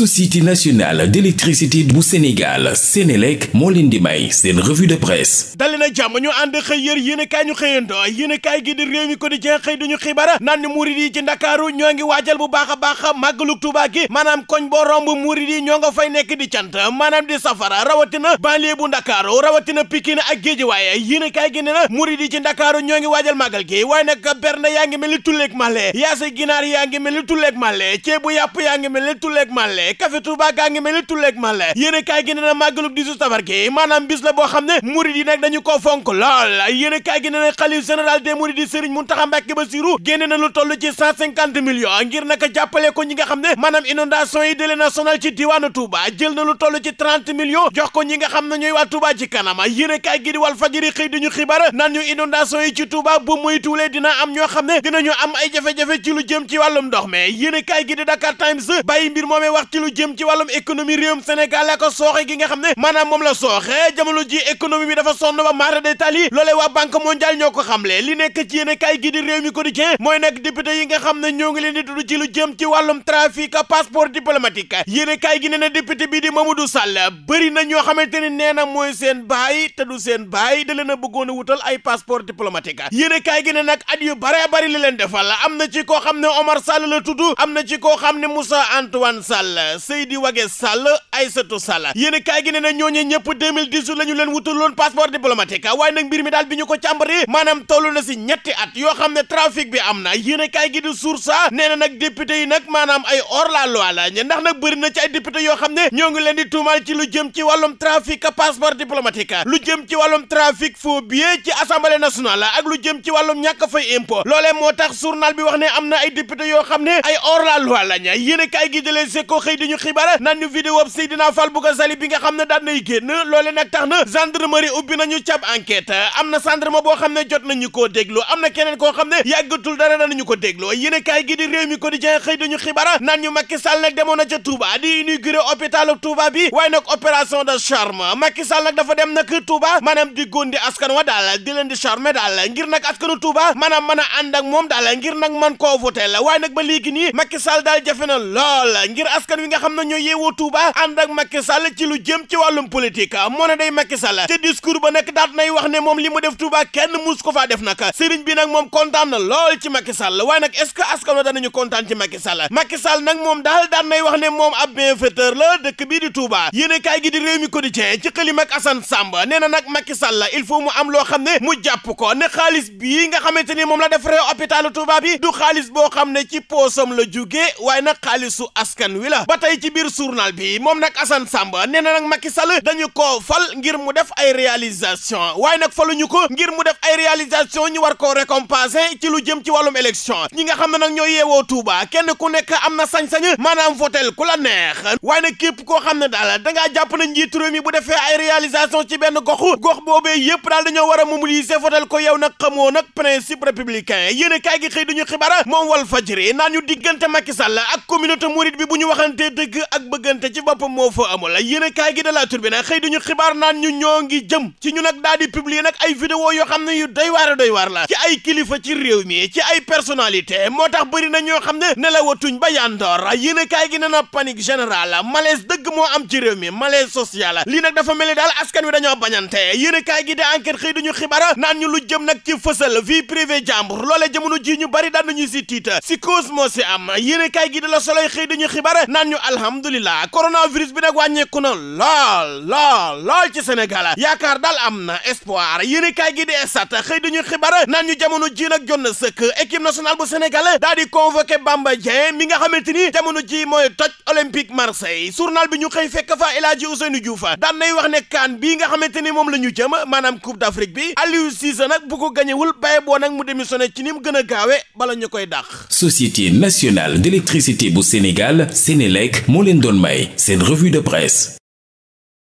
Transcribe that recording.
société nationale d'électricité bu Sénégal Sénélec moo leen di may seen revue de presse dali na jàmm ñu ànd xëy yër yéen a kaay ñu xëyandoo yéen a kaay gi di réew mi ko di jeex xëy duñu xibaar naan ni ci Ndakaaru ñoo ngi waajal bu baax a baax mag Tuubaa gi maanaam koñ boo romb murid yi ñoo nga fay nekk di cant maanaam di safara rawatina banlieue bu Ndakaaru rawatina Pikine ak Géejawaay yéen a kaay gi ne na murid yi ci Ndakaaru ñoo ngi waajal màggal gi waaye ni tulleeg male yaasa ginaar yaa café Touba gaa ngi mel ni tulleeg male yéene kaay gi nee na màggalug 18 safar gi maanaam bis la boo xam ne murid yi nag dañu ko fonk lool yéene kaay gi nee na xalif général des mourides Serigne Mountakha Mbacké Bassirou génne na lu toll ci 150 millions ngir naka jàppale ko ñi nga xam ne maanaam inondation yi dale na sonal ci diwaanu Touba jël na lu toll ci 30 millions jox ko ñi nga xam ne ñooy waa Touba ci kanama yéene kaay gi di Walf Fadjri xëy di ñu xibaar naan ñu inondation yi ci Touba bu muy tuulee dina am ñoo xam ne dinañu am ay jafe ci lu jëm ci wàllum ndox mais yéene kaay gi di Dakar Times bàyyi mbir moomee wax ci lu jëm ci wàllum économie réewum Sénégal la ko sooxe gi nga xam ne maanaam moom la sooxe jamono ji économie bi dafa sonn ba maara détail yi loolee waa banque mondiale ñoo ko xamle li nekk ci yéene kaay gi di réew mi quotidien mooy nag député yi nga xam ne ñoo ngi leen di tudd ci lu jëm ci wàllum trafic passeport diplomatique yéene kaay gi nee na député bii di Mamadou Sall bëri na ñoo xamante ni nee na mooy seen baay te du seen baay da leen a bëggoon a wutal ay passeport diplomatique yéene kaay gi ne nag at yu bare bari li leen defal am na ci koo xam ne Omar Sall la tudd am na ci koo xam ne Moussa Antoine Sall Sall Seydi Wage Sall Aïssatou Sall yéen kaay gi ne na ñooñu ñëpp 2018 la ñu leen wutaloon passeport diplomatique waaye nag mbir mi daal bi ñu ko càmbaree maanaam toll na si ñetti at yoo xam ne trafic bi am na yéen kaay gi di source nee na nag député yi nag maanaam ay hors la loi la ndax nag bëri na ci ay député yoo xam ne ñoo ngi leen di tuumaal ci lu jëm ci wàllum trafic passeport diplomatique lu jëm ci wàllum trafic faux billet ci ci wàllum ñàkk xëy di ñu xibaar naan ñu vidéo bi Seydina Fall Bouga Sali bi nga xam ne daan nag na gendarmerie ubbi nañu boo xam ne jot nañu koo déglu am na keneen koo xam ne yàggatul dara danañu ko déglu yéen kaay gi di réew mi quotidien xëy dañu xibaar naan ñu Macky Sall nag demoon na ca Touba di inauguré hôpitalu Touba bi waaye nag opération da charme Macky Sall nag dafa dem nag Touba maanaam di góndi askan wa daal di leen di charmer daal ngir nag askanu Touba maanaam mën a ànd ak moom daal ngir nag man koo voté la waaye nag ba léegi nii Macky Sall daal jafe na lool ngir askan askan wi nga xam ne ñoo yeewoo Touba ànd ak Macky Sall ci lu jëm ci wàllum politique moo ne day Macky Sall te discours ba nag daat nay wax ne moom li mu def Touba kenn mus ko faa def nag sëriñ bi nag moom kontaan lool ci Macky Sall waaye nag est-ce que askan wi danañu kontaan ci Macky Sall Macky Sall nag moom daal daat nay wax ne moom ab bienfaiteur la dëkk bii di Touba yéen a kaay gi di réew mi quotidien ci xëlim ak Assane Samba nee na nag Macky Sall il faut mu am loo xam ne mu jàpp ko ne xaalis nga xamante ni moom la def réew hôpitalu Touba du xaalis boo xam ne ci poosam la jugee waaye nag xaalisu askan wi ba tey ci biir suurnal bi moom nag Assane Samb nee na nag Macky Sall dañu koo fal ngir mu def ay réalisation waaye nag falu ñu ko ngir mu def ay réalisation ñu war koo récompenser ci lu jëm ci wàllum élection ñi nga xam ne nag ñoo yeewoo Touba kenn ku nekk am na sañ-sañ maanaam votel ku la neex waaye nag képp koo xam ne daal dangaa jàpp na njiitu réew mi bu defee ay réalisation ci benn gox gox boobee yëpp daal dañoo war a mobiliser votel ko yow nag xamoo nag principe républicain yéen a kaay gi xëy duñu xibaar moom ñu diggante Macky Sall ak communauté mouride bi bu ñu waxante diggante dëgg ak bëggante ci boppam moo fa amul yéenekaay gi de La Tribune xëy dañu xibaar naan ñu ñoo ngi jëm ci ñu nag daal di publier nag ay vidéo yoo xam ne yu doy waar doy waar la ci ay kilifa ci réew mi ci ay personalité moo tax bëri na ñoo xam ne ne la watuñ ba yandoor yéenekaay gi ne na panique générale malaise dëgg moo am ci réew mi malaise social lii nag dafa mel ni daal askan wi dañoo bañante yéenekaay gi de enquête xëy dañu xibaar naan ñu lu jëm nag ci fësal vie privée jàmbur loole jamono ji ñu bari daan ñu si tiita si cause moo si am yéenekaay gi de La Soleil xëy dañu xibaar naan ñu nañu alhamdulilah coronavirus bi nag wàññeeku na lool lool lool ci Sénégal yaakaar daal am na espoir yéen kaay gi di esat xëy dañu xibaar naan ñu jamono ji nag jot na sëkk équipe nationale bu Sénégal daal di convoqué Bamba Dieng mi nga xamante ni jamono ji mooy toj Olympique Marseille journal bi ñu xëy fekk fa El Hadji Ousseynou Diouf daan nay wax ne kaan bi nga xamante ni moom la ñu jëm maanaam Coupe d'Afrique bi Aliou Cissé nag bu ko gañewul bàyyi boo nag mu démissionné ci ni mu gën a gaawe bala ñu koy dàq Société nationale d'électricité bu Sénégal Sénélec nekk moo leen doon may seen revue de presse